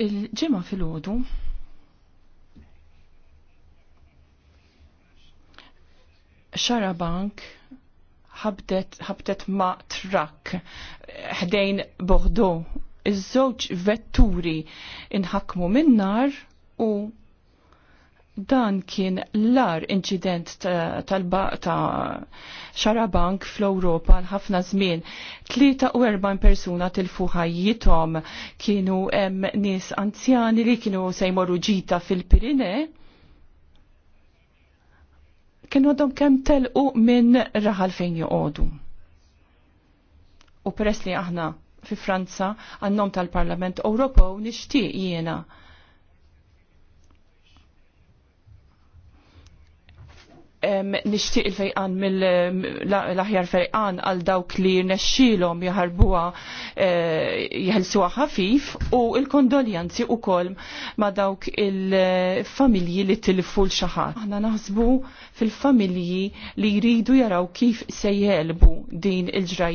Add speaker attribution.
Speaker 1: Il-ġimgħa filgħodu Xarabank ħabdet ħabdet ma' trakk ħdejn Bordeaux. Iż-żewġ vetturi inħakmu minn nar u dan kien l-ar incident tal baqta xarabank fl-Europa l-ħafna żmien. 43 persuna tilfu ħajjithom kienu hemm nies anzjani li kienu se jmorru ġita fil-Pirine. Kienu għadhom kemm telqu minn raħal fejn joqogħdu. U peress li aħna fi Franza għannom tal-Parlament Ewropew nixtieq jiena nixtieq il-fejqan mill laħjar fejqan għal dawk li nesċilom jaħarbuha eh, jeħelsuha ħafif u l-kondoljanzi ukoll ma dawk il-familji li tilfu l xaħat. Aħna naħsbu fil-familji li jridu jaraw kif se jelbu din il-ġrajja.